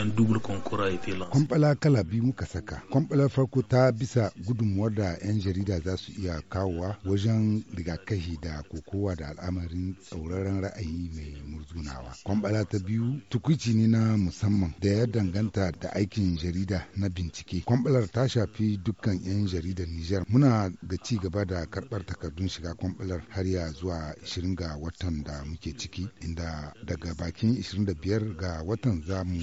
yan dubul konkura kwamfala kala biyu muka saka kwamfala farko ta bisa gudunmuwar da yan jarida za su iya kawowa wajen rigakafi da kokowa da al'amarin tsauraran ra'ayi mai murzunawa kwamfala ta biyu tukuici ne na musamman da ya danganta da aikin jarida na bincike kwamfalar ta shafi dukkan yan jaridar nijar. muna da ci gaba da karɓar takardun shiga kwamfalar har ya zuwa 20 ga watan da muke ciki inda daga bakin 25 ga watan za mu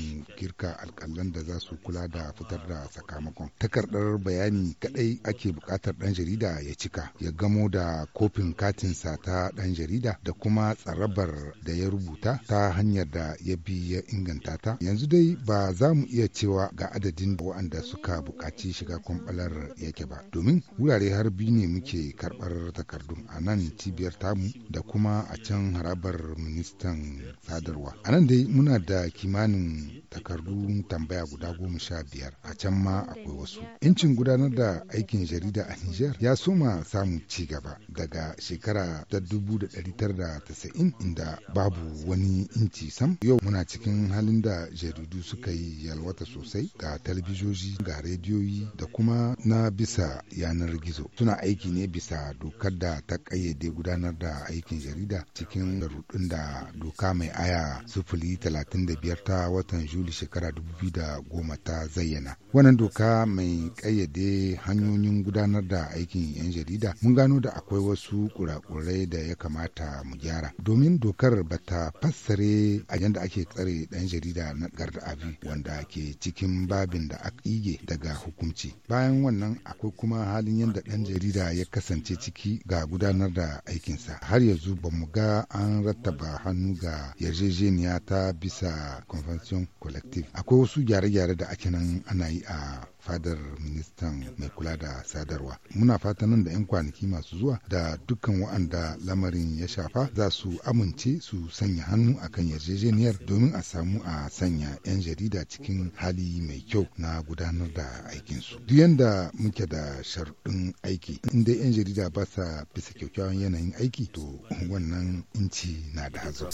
girka alkalan da za su kula da fitar da sakamakon takardar bayani kadai ake bukatar dan jarida ya cika ya gamo da kofin katinsa ta dan jarida da kuma tsarabar da ya rubuta ta hanyar da ya bi ya inganta ta yanzu dai ba za mu iya cewa ga adadin waɗanda suka buƙaci shiga kwamɓalar yake ba domin wurare har biyu ne muke karɓar takardun a nan cibiyar tamu da kuma a can harabar ministan sadarwa a nan dai muna da kimanin takardun takardun tambaya guda goma sha biyar a can ma akwai wasu incin gudanar da aikin jarida a niger ya soma samun ci gaba daga shekara ta dubu da da dari tasa'in inda babu wani inci sam yau muna cikin halin da jaridu suka yi yalwata sosai ga talbijoji ga rediyoyi da kuma na bisa yanar gizo suna aiki ne bisa dokar da ta kayyade gudanar da aikin jarida cikin rudun da doka mai aya sufuli talatin da biyar ta watan juli shekara shekara 2010 ta zayyana. Wannan doka mai kayyade hanyoyin gudanar da aikin 'yan jarida mun gano da akwai wasu kurakurai da ya kamata mu gyara. Domin dokar bata fassare a yadda ake tsare dan jarida na abi wanda ke cikin babin da aka ige daga hukunci. Bayan wannan akwai kuma halin yadda dan jarida ya kasance ciki ga gudanar da aikinsa. Har yanzu ba mu ga an rattaba hannu ga yarjejeniya ta bisa convention collective executive akwai wasu gyare-gyare da ake nan ana yi a fadar ministan mai kula da sadarwa muna fatan nan da 'yan kwanaki masu zuwa da dukkan wa'anda lamarin ya shafa za su amince su sanya hannu a kan yarjejeniyar domin a samu a sanya 'yan jarida cikin hali mai kyau na gudanar da aikinsu duk yadda muke da sharɗin aiki inda 'yan jarida ba sa bisa kyakkyawan yanayin aiki to wannan inci na da hazo